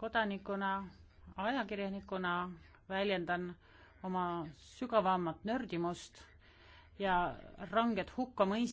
kodanikuna, ajakirjanikuna väljendan oma sügavamat nördimust ja ranget hukkamõistu.